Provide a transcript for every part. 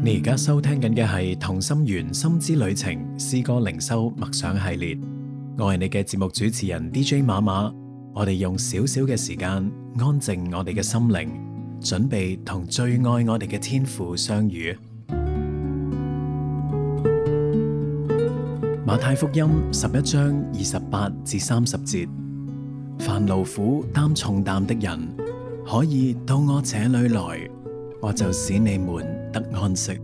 你而家收聽緊嘅係同心圓心之旅程詩歌靈修默想系列，我係你嘅節目主持人 DJ 馬馬，我哋用少少嘅時間安靜我哋嘅心靈，準備同最愛我哋嘅天父相遇。馬太福音十一章二十八至三十節，凡勞苦擔重擔的人，可以到我這裏來，我就使你們安息，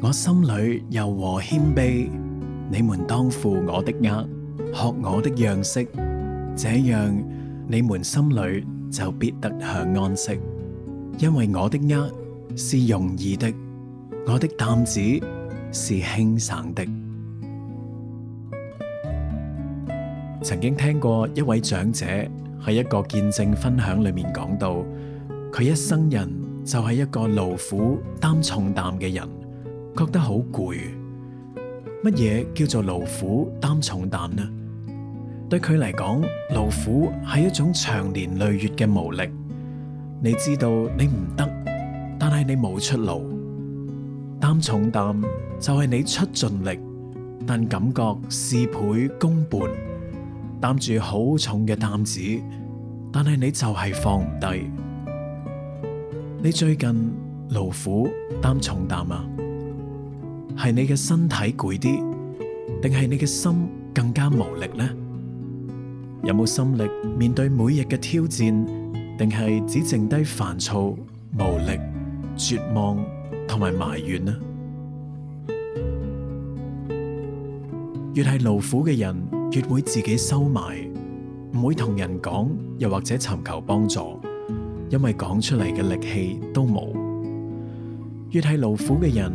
我心裏柔和謙卑。你們當負我的軛，學我的樣式，這樣，你們心裏就必得享安息。因為我的軛是容易的，我的擔子是輕省的。曾經聽過一位長者喺一個見證分享裏面講到，佢一生人。就係一個勞苦擔重擔嘅人，覺得好攰。乜嘢叫做勞苦擔重擔呢？對佢嚟講，勞苦係一種長年累月嘅無力。你知道你唔得，但係你冇出路。擔重擔就係你出盡力，但感覺事倍功半，擔住好重嘅擔子，但係你就係放唔低。你最近勞苦擔重擔啊，係你嘅身體攰啲，定係你嘅心更加無力呢？有冇心力面對每日嘅挑戰？定係只剩低煩躁、無力、絕望同埋埋怨呢？越係勞苦嘅人，越會自己收埋，唔會同人講，又或者尋求幫助。因為講出嚟嘅力氣都冇，越係勞苦嘅人，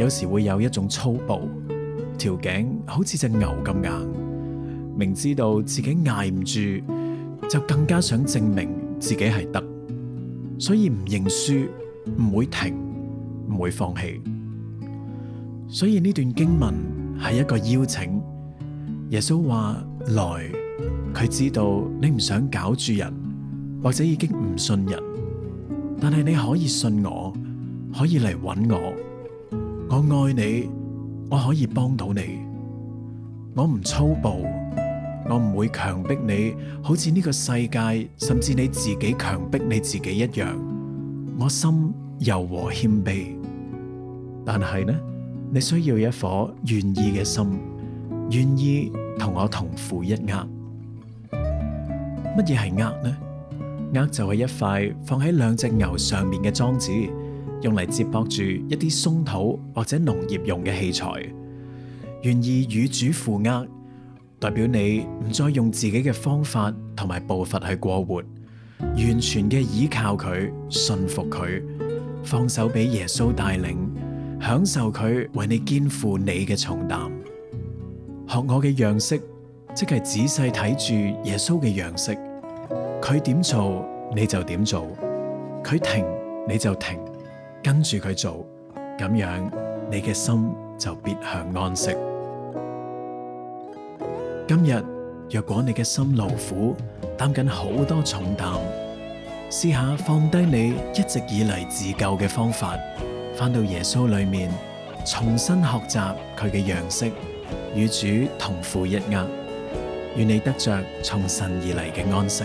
有時會有一種粗暴，條頸好似隻牛咁硬。明知道自己捱唔住，就更加想證明自己係得，所以唔認輸，唔會停，唔會放棄。所以呢段經文係一個邀請，耶穌話，來，佢知道你唔想搞住人。或者已經唔信人，但係你可以信我，可以嚟揾我。我愛你，我可以幫到你。我唔粗暴，我唔會強迫你，好似呢個世界，甚至你自己強迫你自己一樣。我心柔和謙卑，但係呢，你需要一顆願意嘅心，願意同我同負一軛。乜嘢係軛呢？額就係一塊放喺兩隻牛上面嘅裝置，用嚟接駁住一啲鬆土或者農業用嘅器材。願意與主負軛，代表你唔再用自己嘅方法同埋步伐去過活，完全嘅依靠佢，信服佢，放手俾耶穌帶領，享受佢為你肩負你嘅重擔。學我嘅樣式，即係仔細睇住耶穌嘅樣式。佢點做你就點做，佢停你就停，跟住佢做，咁樣你嘅心就必享安息。今日若果你嘅心勞苦，擔緊好多重擔，試下放低你一直以嚟自救嘅方法，返到耶穌裏面，重新學習佢嘅樣式，與主同負一軛，願你得着從神而嚟嘅安息。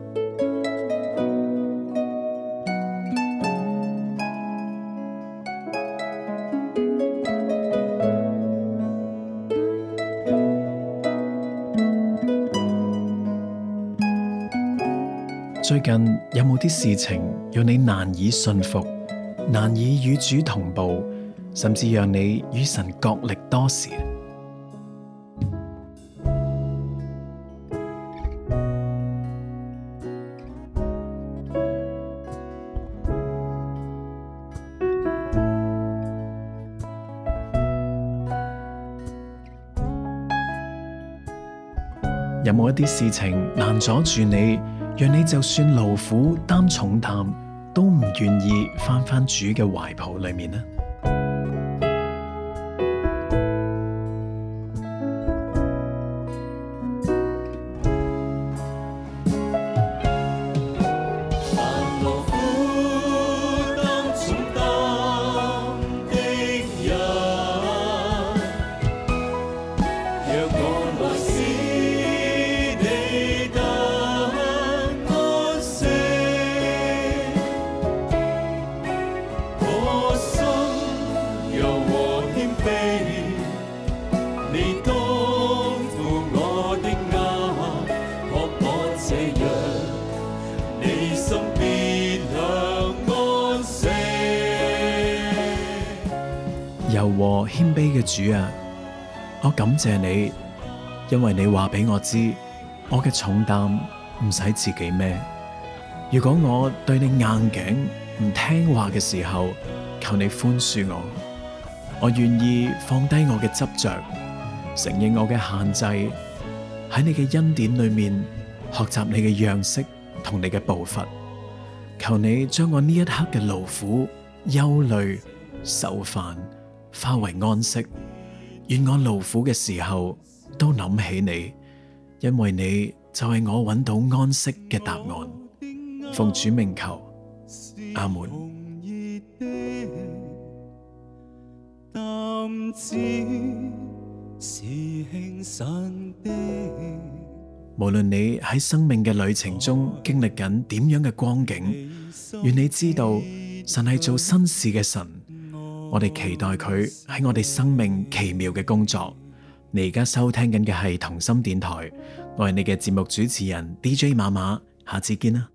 最近有冇啲事情讓你難以順服、難以與主同步，甚至讓你與神角力多時？有冇一啲事情攔阻住你？讓你就算勞苦擔重擔，都唔願意返返主嘅懷抱裏面呢？和謙卑嘅主啊，我感謝你，因為你話俾我知，我嘅重擔唔使自己孭。如果我對你硬頸唔聽話嘅時候，求你寬恕我。我願意放低我嘅執着，承認我嘅限制，喺你嘅恩典裏面學習你嘅樣式同你嘅步伐。求你將我呢一刻嘅勞苦、憂慮、愁煩，化為安息，願我勞苦嘅時候都諗起你，因為你就係我揾到安息嘅答案。奉主名求，阿門。無論你喺生命嘅旅程中經歷緊點樣嘅光景，願你知道神係做新事嘅神。我哋期待佢喺我哋生命奇妙嘅工作。你而家收聽緊嘅係同心電台，我係你嘅節目主持人 DJ 馬馬，下次見啦。